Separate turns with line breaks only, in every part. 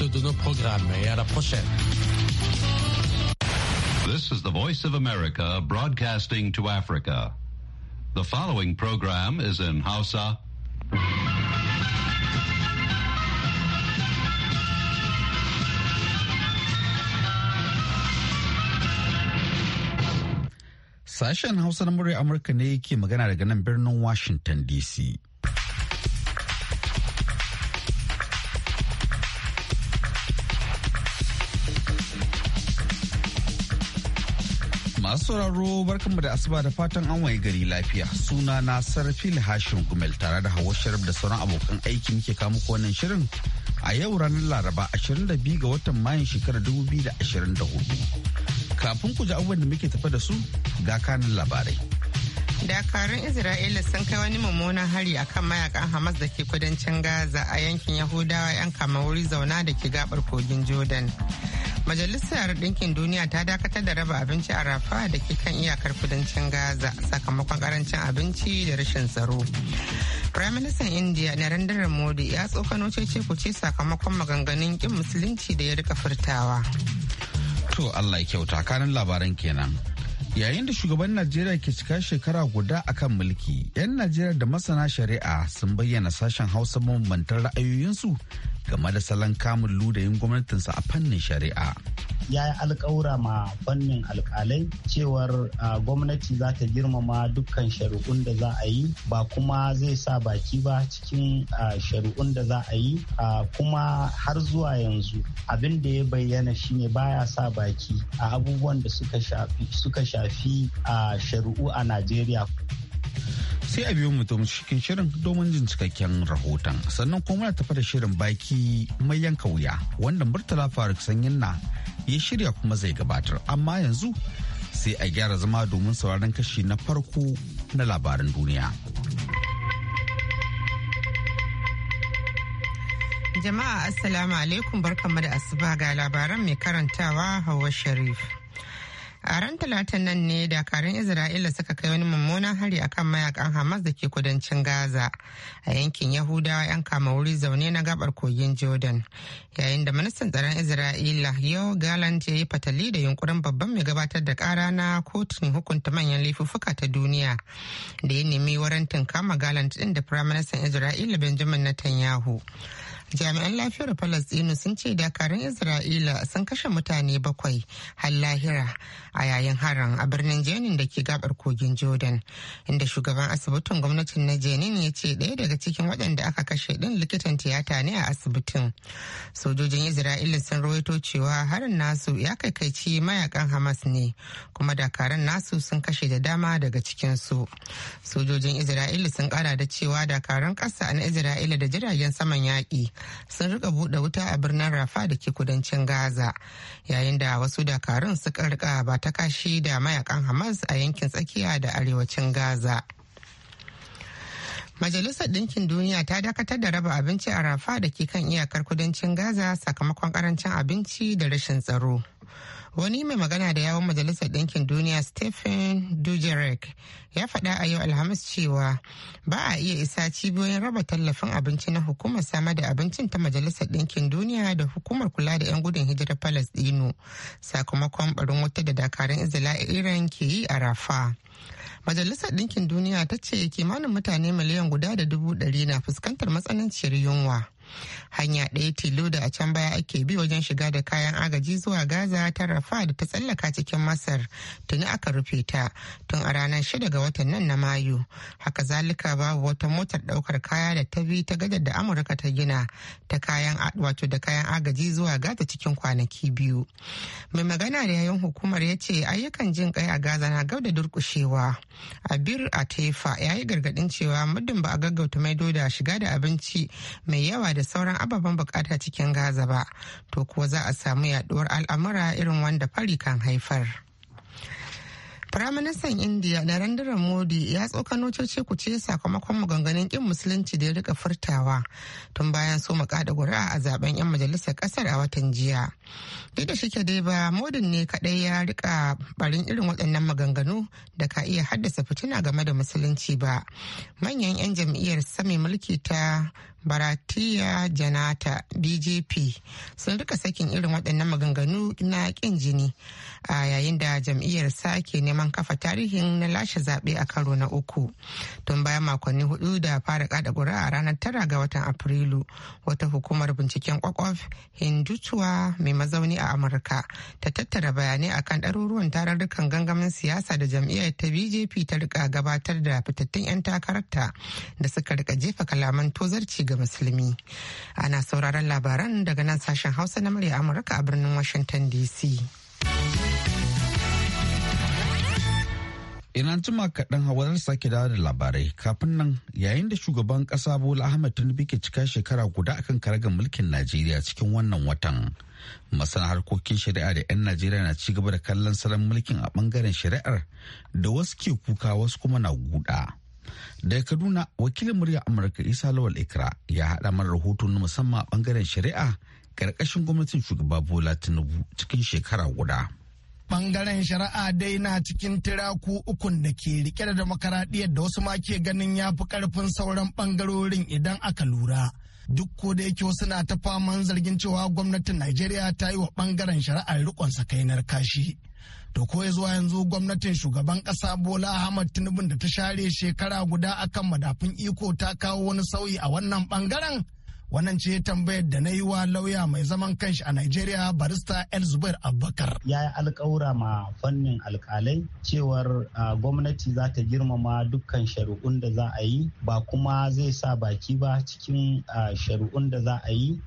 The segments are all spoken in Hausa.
suite de nos programmes et à la prochaine.
This is the Voice of America broadcasting to Africa. The following program is in Hausa. Sashen Hausa na murya Amurka ne yake magana daga nan birnin Washington DC. Masu sauraro barkanmu da asuba da fatan an waye gari lafiya. Suna na sarfi hashin Gumel tare da hawa Sharif da sauran abokan aiki muke kawo ko wannan shirin a yau ranar Laraba 22 ga watan Mayun shekarar 2024. Kafin ku ji abubuwan da muke tafa da su ga kanin labarai.
Dakarun Isra'ila sun kai wani mummunan hari akan mayakan Hamas da ke kudancin Gaza a yankin Yahudawa 'yan kama wuri zauna da ke gabar kogin Jordan. Majalisar Ɗinkin Duniya ta dakatar da raba abinci a Rafa da ke kan iyakar kudancin Gaza sakamakon karancin abinci da rashin tsaro. Firaministan Indiya Narendra Modi ya tsokano cece kuce sakamakon maganganun kin musulunci da ya rika furtawa.
To Allah ya kyauta kanin labaran kenan. Yayin da shugaban Najeriya ke cika shekara guda akan mulki, 'yan Najeriya da masana shari'a sun bayyana sashen Hausa mabambantan ra'ayoyinsu game da salon kamun ludayin gwamnatinsa a fannin shari'a.
ya yi alkawura ma fannin alkalai cewar gwamnati za ta girmama dukkan shari'un da za a yi ba kuma zai sa baki ba cikin shari'un da za a yi kuma har zuwa yanzu abin da ya bayyana shine baya sa baki a abubuwan da suka
shafi a shari'u a najeriya sai a biyo mutum cikin shirin domin jin cikakken rahoton sannan kuma na tafi shirin baki mai yanka wuya wanda murtala faruk sanyin na ya shirya kuma zai gabatar amma yanzu sai a gyara zama domin sauraron kashi na farko na labaran duniya
jama'a assalamu alaikum barkanmu da asuba ga labaran mai karantawa hawa sharif a ran talatin nan ne dakarun isra'ila suka kai wani mummunan hari akan mayakan hamas da ke kudancin gaza a yankin yahudawa 'yan kama wuri zaune na gabar kogin jordan yayin da ministan tsaron isra'ila yau galant ya yi fatali da yunkurin babban mai gabatar da kara na kotun hukunta manyan laifuffuka ta duniya da ya nemi warantin kama galant din da firaministan isra'ila benjamin netanyahu jami'an lafiyar falastinu sun ce dakarun isra'ila sun kashe mutane bakwai har lahira a yayin harin a birnin jenin da ke gabar kogin jordan inda shugaban asibitin gwamnatin na jenin ya ce ɗaya daga cikin waɗanda aka kashe ɗin likitan tiyata ne a asibitin sojojin isra'ila sun rawaito cewa harin nasu ya kai ci mayakan hamas ne kuma dakarun nasu sun kashe da dama daga cikin su sojojin isra'ila sun kara da cewa dakarun ƙasa na isra'ila da jiragen saman yaƙi sun rika buɗe wuta a birnin rafa da ke kudancin gaza yayin da wasu dakarun suka rika ba ta kashi da mayakan hamas a yankin tsakiya da arewacin gaza Majalisar Ɗinkin Duniya ta dakatar da raba abinci a rafa da ke kan iyakar kudancin Gaza sakamakon ƙarancin abinci da rashin tsaro. wani mai magana da yawon majalisar ɗinkin duniya stephen dujerek ya faɗa a yau alhamis cewa ba a iya isa cibiyoyin raba tallafin abinci na hukumar samar da abincin ta majalisar ɗinkin duniya da hukumar kula da 'yan gudun hijirar palestino sakamakon barin wata da dakarun iran ke yi a rafa majalisar ɗinkin duniya ta ce kimanin mutane miliyan guda da dubu ɗari na fuskantar matsananciyar yunwa hanya ɗaya tilo da a can baya ake bi wajen shiga da kayan agaji zuwa gaza ta rafa da ta tsallaka cikin masar tuni aka rufe ta tun a ranar shida ga watan nan na mayu haka zalika babu wata motar ɗaukar kaya da ta bi ta gadar da amurka ta gina ta kayan wato da kayan agaji zuwa gaza cikin kwanaki biyu mai magana da yayin hukumar ya ce ayyukan jin kai a gaza na gab da durkushewa abir a tefa ya yi gargaɗin cewa muddin ba a gaggauta maido da shiga da abinci mai yawa da da sauran ababen bukata cikin gaza ba to kuwa za a samu yaduwar al'amura irin wanda fari kan haifar. Firaministan Indiya na Narendra Modi ya tsokano cece ce sakamakon maganganun kin musulunci da ya rika furtawa tun bayan so mu kada ƙuri'a a zaben 'yan majalisar ƙasar a watan jiya. Duk da shike dai ba Modin ne kaɗai ya rika barin irin waɗannan maganganu da ka iya haddasa fitina game da musulunci ba. Manyan 'yan jam'iyyar sami mulki ta baratiya janata bjp sun rika sakin irin waɗannan maganganu na ƙin jini a yayin da jam'iyyar sake neman kafa tarihin na lashe zaɓe a karo na uku tun bayan makonni hudu da fara kada ƙuri'a a ranar tara ga watan afrilu wata hukumar binciken kwakwaf hindutuwa mai mazauni a amurka ta tattara bayanai akan ɗaruruwan tararrukan gangamin siyasa da jam'iyyar ta bjp ta rika gabatar da fitattun 'yan takararta da suka rika jefa kalaman tozarci ga musulmi ana sauraron labaran daga nan sashen hausa na murya amurka a birnin washington dc
ina jima kaɗan hawarar sake dawo da labarai kafin nan yayin da shugaban ƙasa bola ahmed tinubu ke cika shekara guda akan karagar mulkin najeriya cikin wannan watan masana harkokin shari'a da 'yan najeriya na ci gaba da kallon salon mulkin a ɓangaren shari'ar da wasu ke kuka wasu kuma na guda Daga Kaduna, wakilin murya Amurka Isa Lawal Ikra ya haɗa mana rahoto na musamman bangaren shari'a ƙarƙashin gwamnatin shugaba Bola Tinubu cikin shekara guda.
bangaren shari'a dai na cikin tiraku ukun da ke rike da demokaradiyyar da wasu ma ke ganin ya fi karfin sauran bangarorin idan aka lura. Duk ko da yake wasu na ta faman zargin cewa gwamnatin Najeriya ta yi wa bangaren shari'a rikon sakainar kashi. to ko zuwa yanzu gwamnatin shugaban kasa bola ahmad tinubu da ta share shekara guda akan madafin iko ta kawo wani sauyi a wannan bangaren Wannan ce tambayar da na yi wa lauya mai zaman kanshi a Najeriya barista El Zubair Abubakar. Ya yi alkawura ma fannin alkalai
cewar gwamnati za ta girmama dukkan shari'un da za a yi ba kuma zai sa baki ba cikin shari'un da za a yi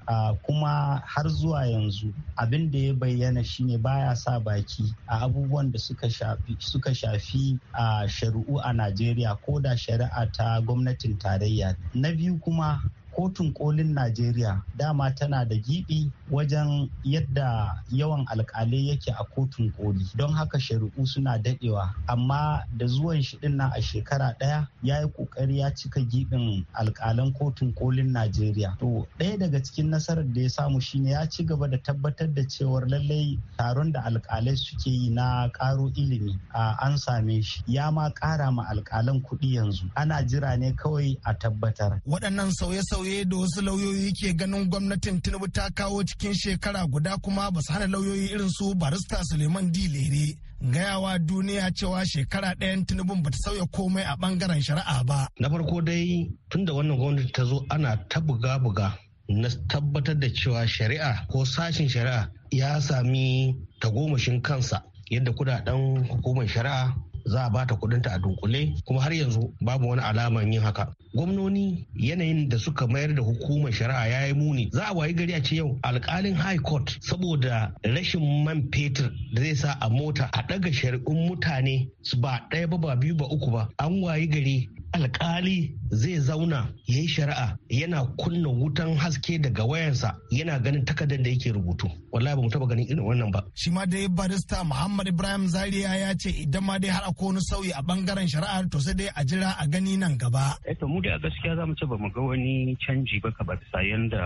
kuma har zuwa yanzu abin da ya bayyana shine baya sa baki a abubuwan da suka shafi a shari'u a Najeriya ko da shari'a ta gwamnatin tarayya. Na biyu kuma kotun kolin najeriya dama tana da gibi wajen yadda yawan alkalai yake a kotun koli don haka shari'u suna dadewa amma da zuwan shi din nan a shekara daya ya yi kokari ya cika gibin alkalan kotun kolin najeriya to ɗaya daga cikin nasarar da ya samu shine ya ci gaba da tabbatar da cewar lallai taron da alkalai suke yi na karo ilimi a an same shi ya ma kara ma alkalan kuɗi yanzu ana jira ne kawai a
tabbatar
waɗannan sauye-sauye sauye da wasu lauyoyi ke ganin gwamnatin tinubu ta kawo cikin shekara guda kuma ba su hana lauyoyi irin su barista suleiman d lere gayawa duniya cewa shekara ɗayan tinubun bata sauya komai a ɓangaren shari'a ba.
Na farko dai tun da wannan gwamnati ta zo ana ta buga-buga na tabbatar da cewa shari'a ko sashen shari'a ya sami tagomashin kansa yadda kudaden hukumar shari'a za a bata kudinta a dunkule kuma har yanzu babu wani alaman yin haka gwamnoni yanayin da suka mayar da hukumar shari'a ya yi muni za a wayi gari a ce yau alkalin high court saboda rashin man fetur da zai sa a mota a daga shari'un mutane su ba ɗaya ba ba biyu ba uku ba an wayi gari alkali zai zauna ya yi shari'a yana kunna wutan haske daga wayansa yana ganin takardar da yake rubutu wallahi ba mu taba ganin irin wannan ba
shi ma dai barista muhammad ibrahim Zariya ya ce idan ma dai har ko wani sauyi a bangaren shari'ar to sai dai a jira a gani nan gaba. Eto eh, mu da
gaskiya za mu ce ba mu ga wani canji ba ka bisa yanda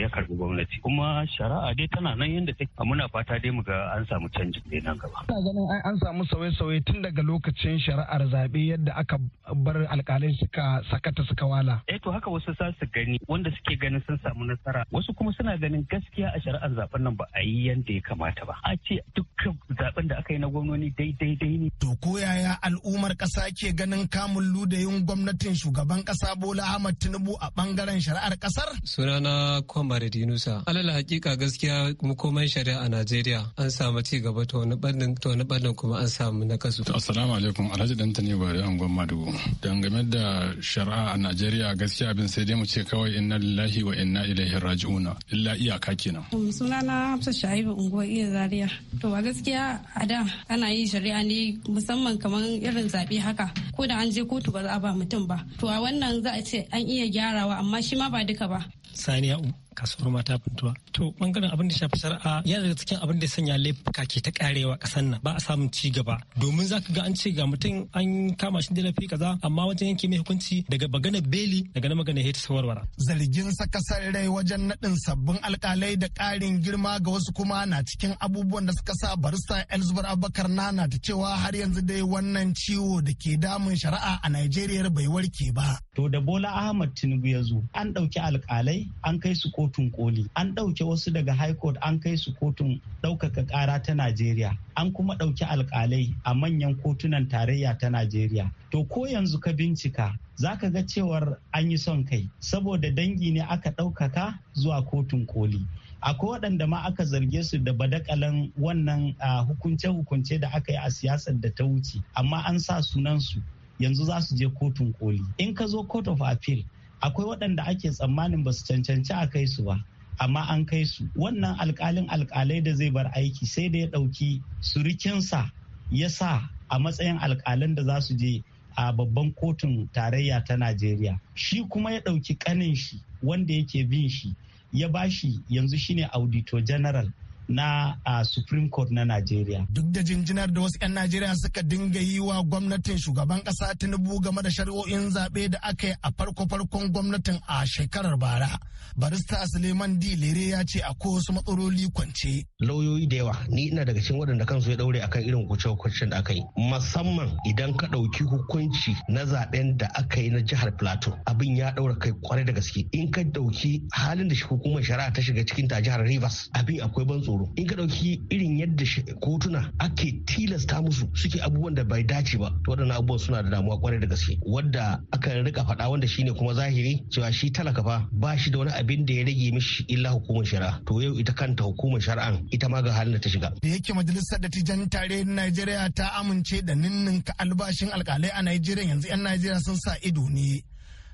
ya karbi gwamnati kuma shari'a dai tana nan yanda take muna fata dai mu ga an samu canji dai nan gaba.
Ina ganin ai an samu sauye-sauye tun daga lokacin shari'ar zaɓe yadda aka bar alƙalai suka sakata suka wala.
Eto eh, haka wasu za su gani wanda suke ganin sun samu nasara wasu kuma suna ganin gaskiya a shari'ar
zaben nan ba a yi yanda ya kamata ba. A ce dukkan zaben da aka yi na gwamnoni daidai dai ne. To koya yaya al'ummar ƙasa ke ganin kamun ludayin gwamnatin shugaban ƙasa Bola Ahmad Tinubu a ɓangaren shari'ar ƙasar?
Sunana Kwamare Dinusa. Alal hakika gaskiya komai shari'a a Najeriya an samu ci gaba to wani ɓarnin to wani ɓarnin kuma an samu na kasu. Assalamu alaikum Alhaji Dantani Bari an gwamma dubu. Dangane da shari'a a Najeriya gaskiya abin sai dai mu ce kawai inna lillahi wa inna ilaihi raji'una illa iyaka kenan.
Sunana hafsa Shaibu unguwa Iya Zaria. To a gaskiya a da ana yin shari'a ne musamman kamar irin zaɓe haka ko da an je kotu ba za a ba mutum ba to a wannan za a ce an iya gyarawa amma shi ma ba duka ba
saniya kasuwar mata bintuwa to bangaren abin da shafi shari'a yana daga cikin abin da sanya laifuka ke ta karewa kasan nan ba a samun ci gaba domin za ka ga an ce ga mutum an kama shi da laifi kaza amma wajen yanke mai hukunci daga magana beli daga na magana hate sawarwara
zargin saka kasar rai wajen naɗin sabbin alkalai da karin girma ga wasu kuma na cikin abubuwan da suka sa barista Elzubar Abubakar Nana ta cewa har yanzu dai wannan ciwo da ke damun shari'a a Najeriya bai warke ba
to da Bola Ahmad Tinubu ya zo an ɗauki alkalai an kai su kotu kotun koli an ɗauke wasu daga high court an kai su kotun ɗaukaka ƙara ta najeriya an kuma ɗauki alƙalai a manyan kotunan tarayya ta najeriya to ko yanzu ka bincika za ka ga cewar an yi son kai saboda dangi ne aka ɗaukaka zuwa kotun koli akwai waɗanda ma aka zarge su da badakalan wannan hukunce-hukunce da aka yi a siyasar da ta wuce amma an sa sunansu yanzu za su je kotun koli in ka zo court of appeal akwai waɗanda ake tsammanin ba su cancanci a kai su ba amma an kai su wannan alkalin alkalai da zai bar aiki sai da ya ɗauki surikinsa ya sa a matsayin alkalin da za su je a babban kotun tarayya ta najeriya shi kuma ya ɗauki ƙanin shi wanda yake bin shi ya bashi yanzu shine auditor general na a Supreme Court na Najeriya. Duk
da jinjinar da wasu 'yan Najeriya suka dinga yi wa gwamnatin shugaban ƙasa Tinubu game da shari'o'in zaɓe da aka yi a farko-farkon gwamnatin a shekarar bara. Barista Suleiman D. Lere ya ce akwai wasu matsaloli kwance.
Lauyoyi da yawa ni ina daga cikin waɗanda kansu ya ɗaure akan irin kuce hukuncen da aka yi. Musamman idan ka ɗauki hukunci na zaɓen da aka yi na jihar Plateau abin ya ɗaura kai kwarai da gaske. In ka ɗauki halin da hukumar shari'a ta shiga cikin ta jihar Rivers abin akwai ban tsoro. in ka ɗauki irin yadda kotuna ake tilasta musu suke abubuwan da bai dace ba to waɗannan abubuwan suna da damuwa kwarai da gaske wanda aka rika faɗa wanda shine kuma zahiri cewa shi talaka fa ba shi da wani abin da ya rage mishi illa hukumar shari'a to yau ita kanta hukumar shari'an ita ma ga halin da ta shiga
da yake majalisar dattijan na Najeriya ta amince da ninninka albashin alkalai a Najeriya yanzu 'yan Najeriya sun sa ido ne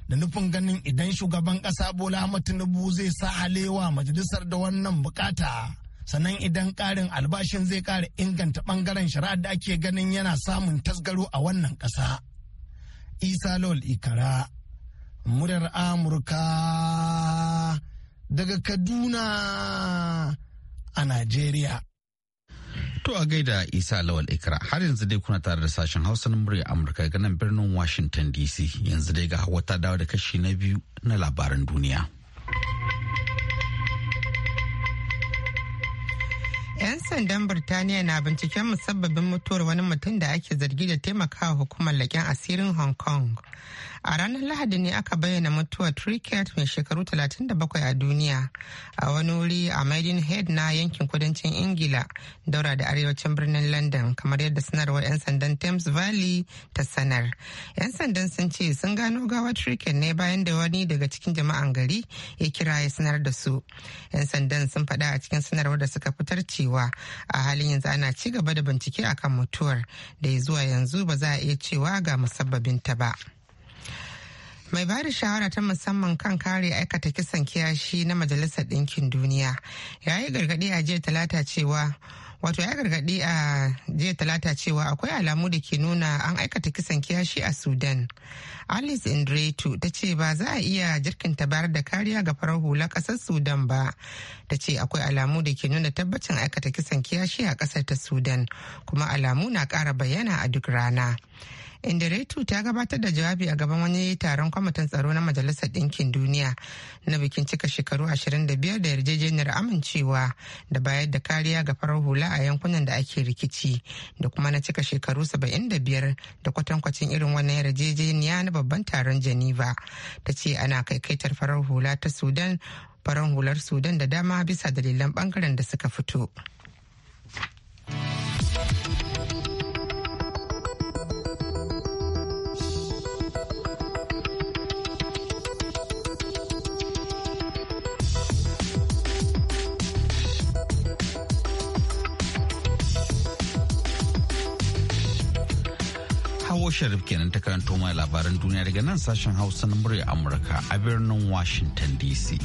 da nufin ganin idan shugaban kasa Bola Ahmad Tinubu zai sa halewa majalisar da wannan bukata sannan idan ƙarin albashin zai ƙara inganta ɓangaren shari'ar da ake ganin yana samun tasgaro a wannan ƙasa. isa lol ikara murar amurka daga kaduna a najeriya
To a gaida Isa Lawal Ikra har yanzu dai kuna tare da sashen Hausa na murya Amurka ga birnin Washington DC yanzu dai ga wata ta dawo da kashi na biyu na labaran duniya.
'Yan sandan Birtaniya na binciken musabbabin mutuwar wani mutum da ake zargi da taimakawa hukumar laƙen asirin Hong Kong. A ranar Lahadi ne aka bayyana mutuwar Tricket mai shekaru 37 a duniya a wani wuri a Maidenhead na yankin kudancin Ingila daura da arewacin birnin London kamar yadda sanarwar 'yan sandan Thames Valley ta sanar. 'Yan sandan sun ce sun gano gawa Tricket ne bayan da wani daga cikin jama'an gari ya kira ya sanar da su. 'Yan sandan sun faɗa a cikin sanarwar da suka fitar cewa cewa a halin yanzu ana ci gaba da bincike akan mutuwar da ya zuwa yanzu ba za a iya cewa ga musabbabin ta ba. mai ba da shawara ta musamman kan kare aikata kisan kiyashi na majalisar ɗinkin duniya ya yi gargaɗi a jiya talata cewa wato ya gargaɗi a jiya talata cewa akwai alamu da ke nuna an aikata kisan kiyashi a sudan alice indretu ta ce ba za a iya jirkinta bayar da kariya ga farar hula ƙasar sudan ba ta ce akwai alamu da ke nuna tabbacin aikata kisan kiyashi a ƙasar ta sudan kuma alamu na kara bayyana a duk rana indiretu ta gabatar da jawabi a gaban wani taron kwamitin tsaro na majalisar ɗinkin duniya na bikin cika shekaru 25 da yarjejeniyar amincewa da bayar da kariya ga farar hula a yankunan da ake rikici da kuma na cika shekaru 75 da kwatankwacin irin wannan yarjejeniya na babban taron geneva ta ce ana kaikaitar farar hula ta sudan farar hular sudan da dama bisa dalilan bangaren da suka fito.
Hawa Sharif kenan ta karanto mai labaran duniya daga nan sashen Hausa na murya Amurka a birnin Washington DC.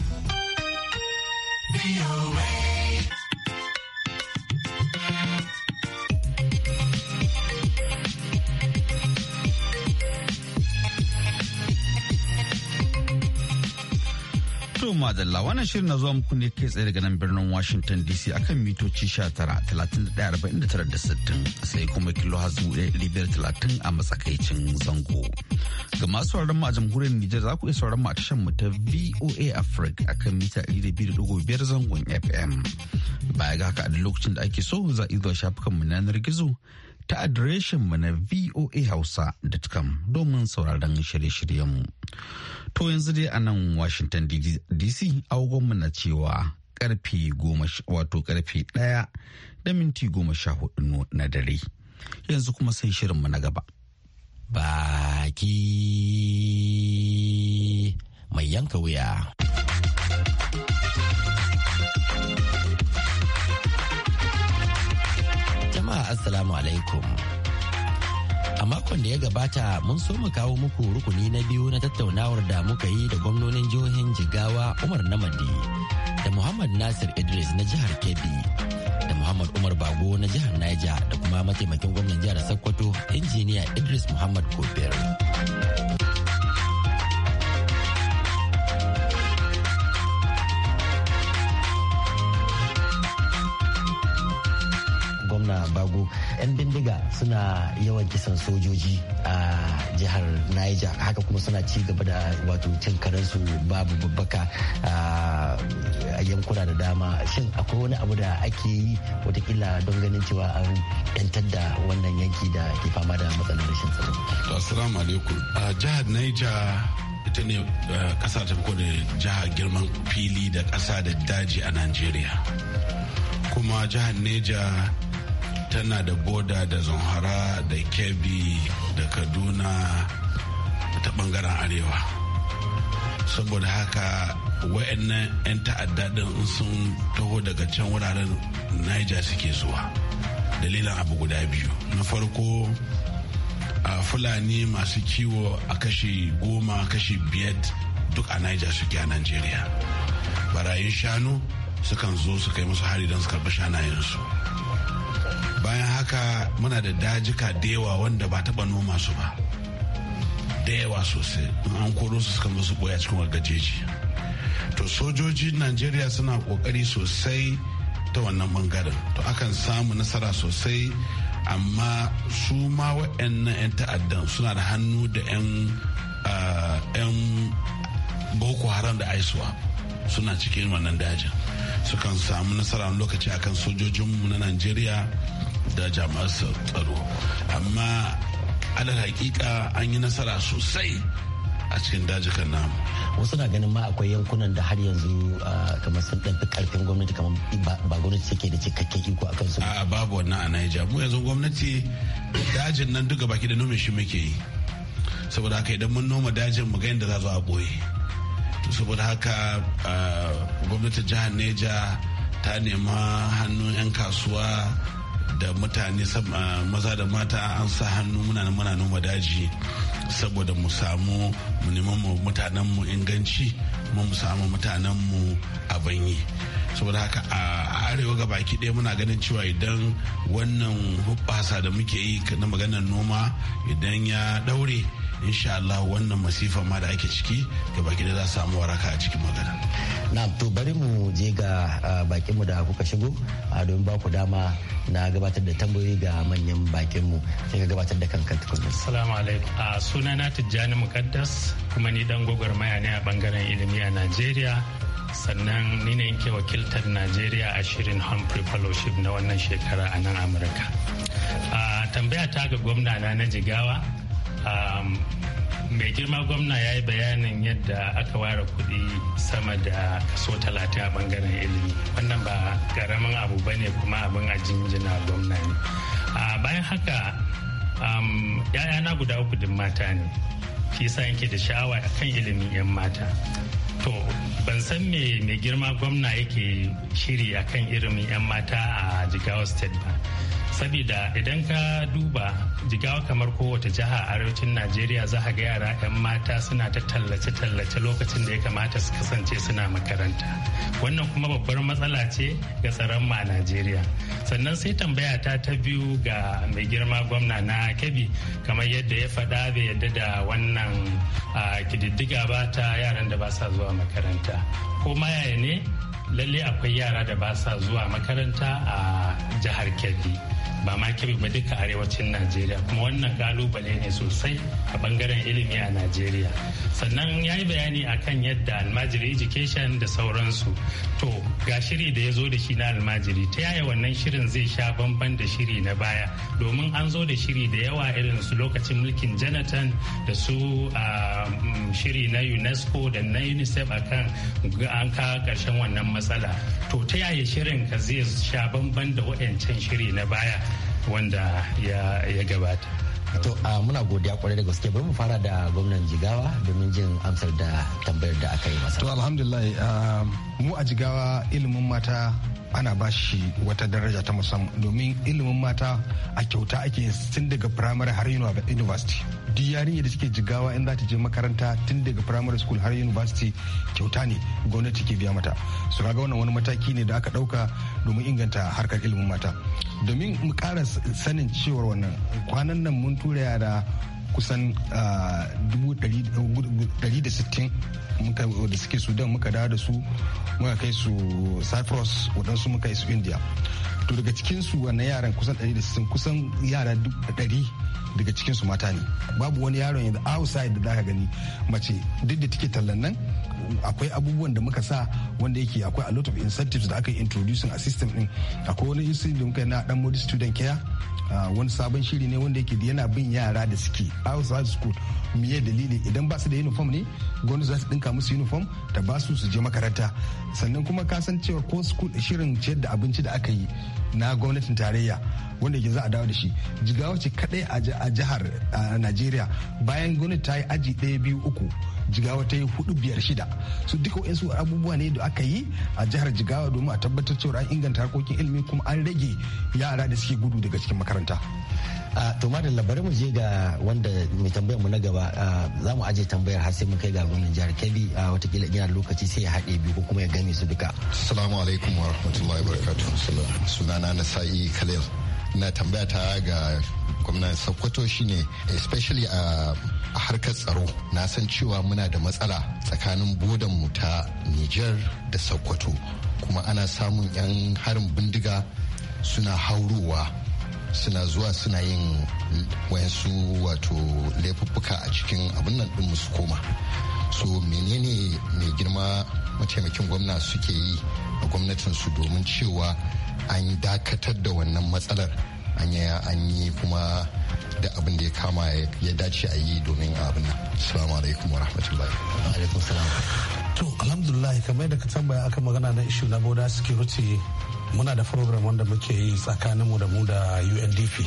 madalla wannan shirin na zuwa muku ne kai tsaye daga nan birnin Washington DC akan mitoci 19,31,49,60 sai kuma kilo hazu 1,530 a matsakaicin zango. Ga masu sauraron mu a jamhuriyar Nijar za ku iya sauraron mu a tashar mu ta VOA Africa akan mita 200.5 zangon FM. Baya ga haka a lokacin da ake so za a iya zuwa shafukan mu na yanar gizo ta adireshin mu na voahausa.com domin sauraron shirye-shiryenmu. To yanzu dai a nan Washington DC mu na cewa karfe goma wato karfe ɗaya da minti goma sha hudu na dare. Yanzu kuma sai
shirinmu na gaba. Baki mai yanka wuya. jama'a assalamu alaikum. A makon da ya gabata mun so mu kawo muku rukuni na biyu na tattaunawar da muka yi da gwamnonin jihohin Jigawa Umar Namadi da Muhammad Nasir Idris na jihar Kebbi da Muhammad Umar Bago na jihar Niger da kuma mataimakin gwamnan jihar Sokoto injiniya Idris Muhammad kofir rago 'yan bindiga suna yawan kisan sojoji a jihar niger haka kuma suna ci gaba da wato cin karensu babu babbaka a yankuna da dama shin akwai wani abu da ake yi watakila don ganin cewa an yantar da wannan yanki da ke
fama da matsalar rashin tsaro. assalamu alaikum a jihar niger ita ne kasa ta da jihar girman fili da kasa da daji a nigeria kuma jihar niger tana da boda da zonhara da kebbi da kaduna ta bangaren arewa saboda haka wa'annan 'yan ta'adda din sun taho daga can wuraren niger suke zuwa dalilan abu guda biyu na farko a fulani masu kiwo a kashi goma kashi biyar duk a niger suke a nigeria barayin shanu sukan zo su kai musu hari don su karɓi shanayensu bayan haka muna da dajika da yawa wanda ba taba noma su ba dewa sosai an koro su suka musu boya cikin gajeji to sojoji najeriya suna kokari sosai ta wannan bangaren to akan samu nasara sosai amma su ma waɗannan 'yan ta'addan suna da hannu da 'yan ah, boko haram da aisuwa suna cikin wannan dajin sukan samu nasara lokaci akan sojojinmu na najeriya da jami'an tsaro amma alal hakika an yi nasara sosai a cikin dajikan namu
wasu na ganin ma akwai yankunan da har yanzu kamar sun ɗanfi karfin gwamnati kamar ba
gwamnati take da cikakke iko a kansu a babu wannan a naija mu yanzu gwamnati dajin nan duka baki da nome shi muke yi saboda haka idan mun noma dajin mu ga yadda za a boye saboda haka gwamnatin jihar neja ta nema hannun 'yan kasuwa da mutane ah, maza da mata an sa hannu muna muna noma daji saboda mu samu mu neman mutanen mu inganci kuma mu samu mutanen mu abin yi saboda haka a arewa ga baki ɗaya muna ganin cewa idan wannan hubbasa da muke yi na maganar noma idan ya daure insha Allah wannan masifa ma da ake ciki gaba baki da za samu waraka a cikin magana
na to bari mu je ga ah, bakin mu da kuka shigo a ah, don ba ku dama na gabatar da tambayoyi ga manyan bakin mu sai ka gabatar
da kanka tukunna assalamu alaikum a ah, sunana Tijjani Mukaddas kuma ni dan gwagwarmaya ne a bangaren ilimi a Najeriya sannan ni ne ke wakiltar najeriya a shirin humphrey fellowship na wannan shekara a nan amurka a tambaya ta ga gwamna na jigawa mai girma gwamna ya yi bayanin yadda aka ware kuɗi sama da kaso talatin a bangaren ilimi wannan ba karamin abu ba ne kuma abin a jinjina gwamna ne bayan haka ‘ya'yana guda uku din mata ne fi sa yanke da sha'awa a kan ilimin 'yan mata to ban san me mai girma gwamna yake shiri a kan ilimin 'yan mata a jigawa state ba saboda idan ka duba jigawa kamar kowace jiha a arewacin najeriya za ga yara 'yan mata suna ta tallace-tallace lokacin da ya kamata su kasance suna makaranta wannan kuma babbar matsala ce ga tsaron ma a najeriya sannan sai tambaya ta ta biyu ga mai girma gwamna na kebbi kamar yadda ya faɗa bai yadda da wannan kididdiga ba ta yaran da ba sa zuwa makaranta ko yaya ne lalle akwai yara da ba sa zuwa makaranta a jihar kebbi ba ma kebe ba duka arewacin najeriya kuma wannan kalubale ne sosai a bangaren ilimi a najeriya sannan ya yi bayani akan yadda almajiri education da sauransu to ga shiri da ya zo da shi na almajiri ta yaya wannan shirin zai sha bamban da shiri na baya domin an zo da shiri da yawa irin su lokacin mulkin jonathan da su mm, shiri na unesco da na unicef akan an kawo karshen wannan matsala to ta yaya shirin ka zai sha bamban da wayancan shiri na baya ɗaya wanda ya gabata
To a muna godiya kwarai da gaske bari mu fara da gwamnan Jigawa domin jin amsar da tambayar da aka yi masa.
To alhamdulillah mu a Jigawa ilimin mata ana ba shi wata daraja ta musamman domin ilimin mata a kyauta ake tun daga primary har university. Duk yarinya da suke jigawa in za ta je makaranta tun daga primary school har university kyauta ne gwamnati ke biya mata. Su kaga wannan wani mataki ne da aka ɗauka domin inganta harkar ilimin mata. domin mu kara sanin cewar wannan kwanan nan mun tura yara kusan 160 ah, da suke sudan muka dawo da su muka kai su cyprus waɗansu muka kai su india to daga cikinsu wannan yaran kusan 160 kusan yara 100 daga cikinsu mata ne babu wani yaron yanzu outside da ka gani mace duk da take tallan nan akwai abubuwan da muka sa wanda yake akwai a lot of incentives da aka introducing a system din akwai wani incentive da muka yi na dan modi student care ah, wani sabon shiri ne wanda yake yana bin yara da suke outside school miye dalili idan ba su da uniform ne gwamnati za su dinka musu uniform ta ba su su je makaranta sannan kuma ka san cewa ko school shirin ciyar da abinci da aka yi na gwamnatin tarayya wanda ke za a dawo da shi jigawa ce kadai a jihar najeriya bayan gwamnati ta yi aji daya biyu uku jigawa ta yi hudu biyar shida su duka su abubuwa ne da aka yi a jihar jigawa domin a tabbatar cewa an inganta harkokin
ilimi kuma an rage yara da suke gudu daga cikin makaranta Ah, to da bari mu je ga wanda mai tambayar mu na gaba ah, za mu ajiye tambayar har sai mun kai ga gwamnan jihar kebbi ah, watakila ina lokaci sai ya haɗe biyu ko kuma ya gane su duka assalamu alaikum wa rahmatullahi wa sunana na sa'i khalil na tambaya ta ga gwamnan sokoto shine especially a harkar tsaro na san cewa muna da matsala tsakanin bodan mu ta niger da sokoto kuma ana samun 'yan harin bindiga suna haurowa suna zuwa suna yin wayansu wato laifuffuka a cikin abin nan din su koma so menene mai girma mataimakin gwamna suke yi a gwamnatin su domin cewa an dakatar da wannan matsalar an yi kuma da abin da ya kama ya dace a yi domin abin nan salamu alaikum wa rahmatullahi alaikum
to alhamdulillah kamar da ka tambaya aka magana na ishu na suke security muna da program wanda muke yi tsakaninmu da mu da undp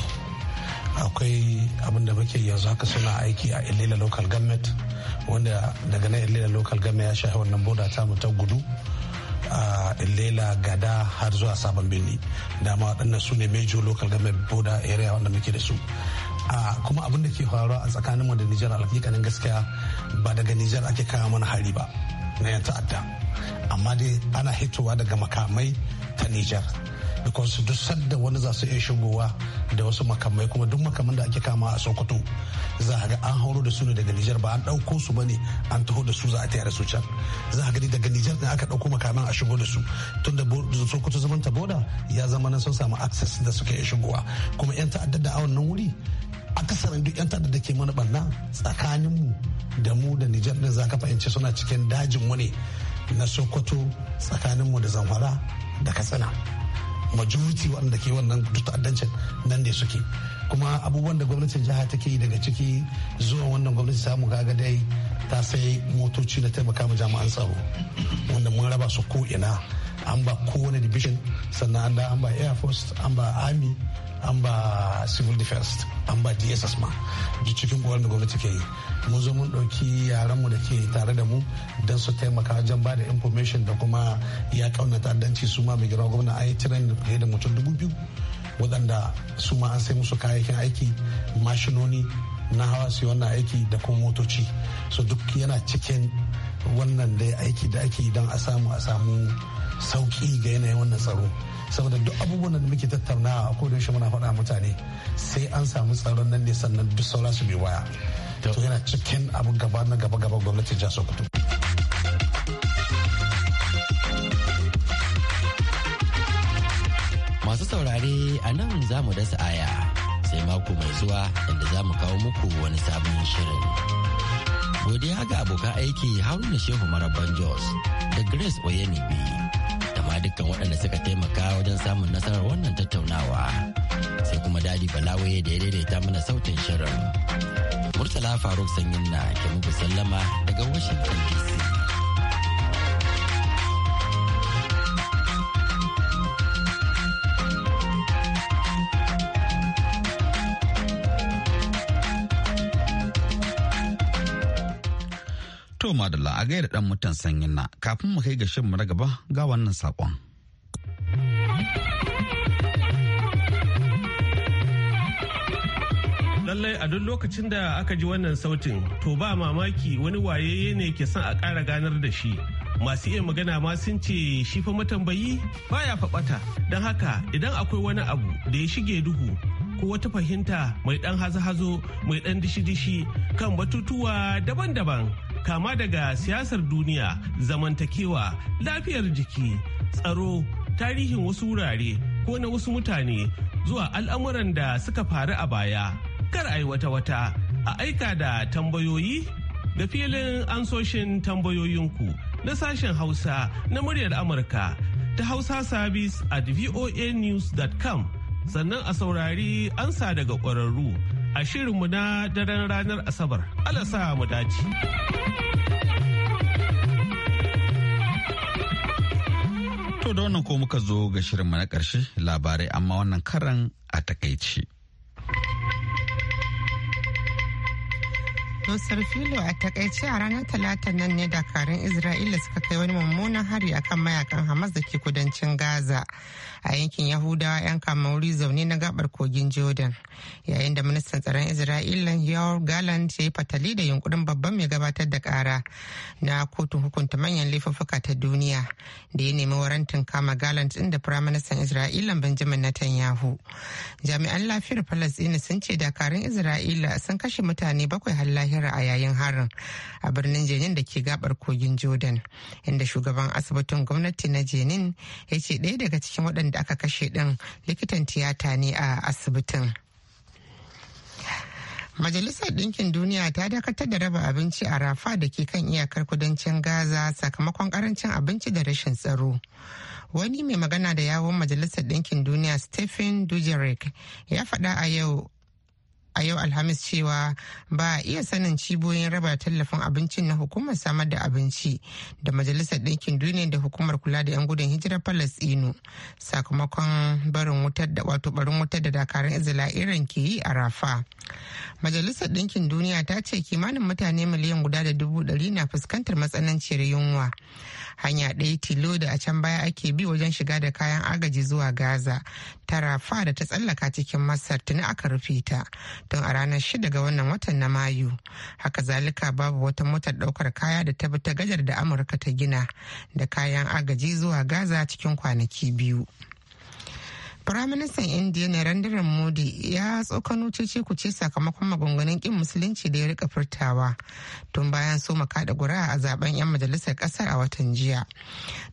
akwai abinda da muke yanzu haka suna aiki a illila local government wanda daga na illila local government ya shahi wannan boda ta mu ta gudu a illela gada har zuwa sabon birni dama waɗannan su ne major local government boda area wanda muke da su a kuma abin da ke faruwa a tsakanin mu da nijar alhakikanin gaskiya ba daga nijar ake kawo mana hari ba na 'yan ta'adda amma dai ana hitowa daga makamai ta nijar because duk sadda wani za su iya shigowa da wasu makamai kuma duk makaman da ake kama a sokoto za a ga an hauro da su ne daga nijar ba an ɗauko su bane an taho da su za a tayar da su can za a gani daga nijar ne aka dauko makaman a shigo da su tun da sokoto zaman ta boda ya zama nan sun samu access da suka iya shigowa kuma yan ta'addar da a wannan wuri akasarin duk yan tada da ke mana barna tsakaninmu da mu da Nijar din zaka fahimci suna cikin dajin mu ne na Sokoto tsakaninmu da Zamfara da Katsina majority waɗanda ke wannan ta'addancin nan ne suke kuma abubuwan da gwamnatin jiha take yi daga ciki zuwa wannan gwamnati samu gaga dai ta sai motoci na taimaka ma jami'an tsaro wanda mun raba su ko ina an ba kowane division sannan an da an ba air force an ba army an ba civil defense an ba dss ma duk cikin kowar da gwamnati ke yi mun zo mun ɗauki yaranmu da ke tare da mu don su taimaka wajen ba da information da kuma ya kauna ta'addanci su ma mai gira gwamna a yi tiran fiye da mutum dubu biyu waɗanda su ma an sai musu kayayyakin aiki mashinoni na hawa su wannan aiki da kuma motoci so duk yana cikin wannan dai aiki da ake don a samu a samu sauki ga yanayin wannan tsaro saboda duk abubuwan da muke tattaunawa a kodayaushe muna faɗa mutane sai an samu tsaron nan ne sannan duk saura su bi waya to yana cikin abu gaba na gaba gaba gwamnatin jihar sokoto
masu saurare a nan za mu dasa aya sai mako mai zuwa inda za mu kawo muku wani sabon shirin godiya ga abokan aiki haruna shehu maraban jos da grace oyenibi dukkan waɗanda suka taimaka wajen samun nasarar wannan tattaunawa sai kuma dadi balawe da ya daidaita mana sautin shirin murtala faruk sanyin na ke muku sallama daga washington dc
gaida dan mutan sanyin na kafin mu kai ga shin mu na gaba ga wannan sakon.
Lallai a duk lokacin da aka ji wannan sautin to ba mamaki wani wayeye ne ke son a ƙara ganar da shi. masu iya magana ma sun ce shi fa matambayi baya faɓata don haka idan akwai wani abu da ya shige duhu ko wata fahimta mai ɗan hazo-hazo mai ɗan dishi-dishi kan batutuwa daban-daban kama daga siyasar duniya zamantakewa lafiyar jiki tsaro tarihin wasu wurare ko na wasu mutane zuwa al'amuran da suka faru a baya kar a yi wata-wata a aika da tambayoyi da filin ansoshin tambayoyinku na sashen hausa na muryar amurka ta hausa service at voanews.com sannan a saurari ansa daga ƙwararru a shirinmu na daren ranar Asabar. Alasa mu dace.
To da wannan ko muka zo ga shirinmu na ƙarshe labarai amma wannan karan a takaici.
Dosar filo a takaice a ranar talata nan ne dakarun Isra'ila suka kai wani mummunan hari akan mayakan Hamas da ke kudancin Gaza a yankin Yahudawa 'yan kamauri zaune na gabar kogin Jordan. Yayin da ministan tsaron Isra'ila Yor Galant ya yi fatali da yunkurin babban mai gabatar da kara na kotun hukunta manyan laifuffuka ta duniya da ya nemi warantin kama Galant din da firaministan Isra'ila Benjamin Netanyahu. Jami'an lafiyar Falasɗina sun ce dakarun Isra'ila sun kashe mutane bakwai har lahira a yayin harin a birnin Jenin da ke gabar kogin Jordan inda shugaban asibitin gwamnati na Jenin ya ce ɗaya daga cikin waɗanda aka kashe ɗin likitan tiyata ne a asibitin. Majalisar Ɗinkin Duniya ta dakatar da raba abinci a Rafa da ke kan iyakar kudancin Gaza sakamakon karancin abinci da rashin tsaro. Wani mai magana da yawon Majalisar Ɗinkin Duniya Stephen Dujarric ya faɗa a yau a yau alhamis cewa ba a iya sanin cibiyoyin raba tallafin abincin na hukumar samar da abinci da majalisar ɗinkin duniya da hukumar kula da 'yan gudun hijirar palestino sakamakon barin wutar da wato barin wutar da dakarun isra'ilan ke yi a rafa majalisar ɗinkin duniya ta ce kimanin mutane miliyan guda da dubu ɗari na fuskantar matsananciyar yunwa hanya ɗaya tilo da a can baya ake bi wajen shiga da kayan agaji zuwa gaza ta rafa da ta tsallaka cikin masar tuni aka rufe ta tun a ranar shida ga wannan watan na mayu haka zalika babu wata motar ɗaukar kaya da ta bi ta gajar da amurka ta gina da kayan agaji zuwa gaza cikin kwanaki biyu Firaministan Indiya Narendra Modi ya tsokano cece ce sakamakon maganganun kin musulunci da ya rika furtawa tun bayan so maka da gura a zaben 'yan majalisar kasar a watan jiya.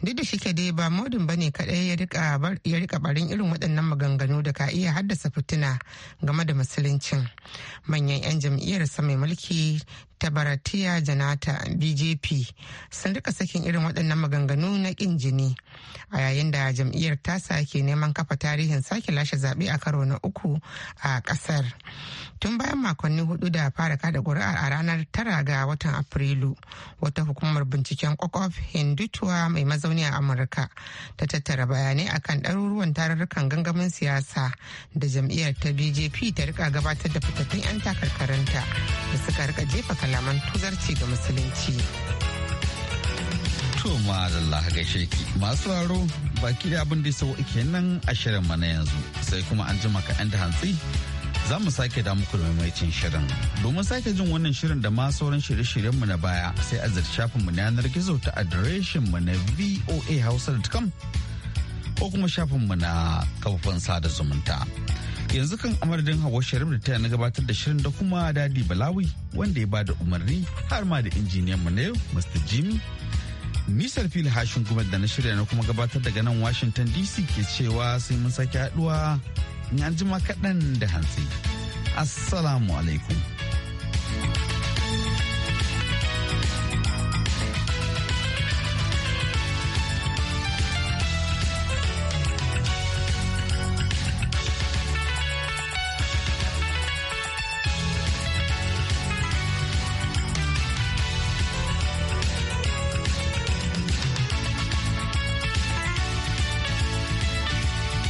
Duk da shike dai ba Modin bane kadai ya rika barin irin waɗannan maganganu da ka iya haddasa fitina game da musuluncin. Manyan 'yan jam'iyyar sa mai mulki ta baratiya janata bjp sun rika sakin irin waɗannan maganganu na ƙin jini a yayin da jam'iyyar tasa ke neman kafa tarihin sake lashe zaɓe a karo na uku a ƙasar tun bayan makonni hudu da fara kada ƙuri'ar a ranar tara ga watan afrilu wata hukumar binciken kwakwaf hindutuwa mai mazauni a amurka ta tattara bayanai akan ɗaruruwan tarurrukan gangamin siyasa da jam'iyyar ta bjp ta rika gabatar da fitattun 'yan takarkaranta da suka rika jefa kalaman tuzarci da musulunci.
To Allah gaishe ki masu raro baki da abin da sau nan a shirin mana yanzu sai kuma an jima ka da hantsi za mu sake da muku da maimaicin shirin. Domin sake jin wannan shirin da ma sauran shirye shiryen mu na baya sai a shafin mu na yanar gizo ta adireshin mu na voa hausa.com ko kuma shafin mu na kafofin sada zumunta. yanzu kan amardin hawa sharif da ta na gabatar da shirin da kuma dadi balawi wanda ya bada umarni har ma da injiniyan mu na yau mr jimmy nisar fil hashin kuma da na shirya na kuma gabatar daga nan washington dc ke cewa sai mun sake haduwa in an jima kaɗan da hantsi assalamu alaikum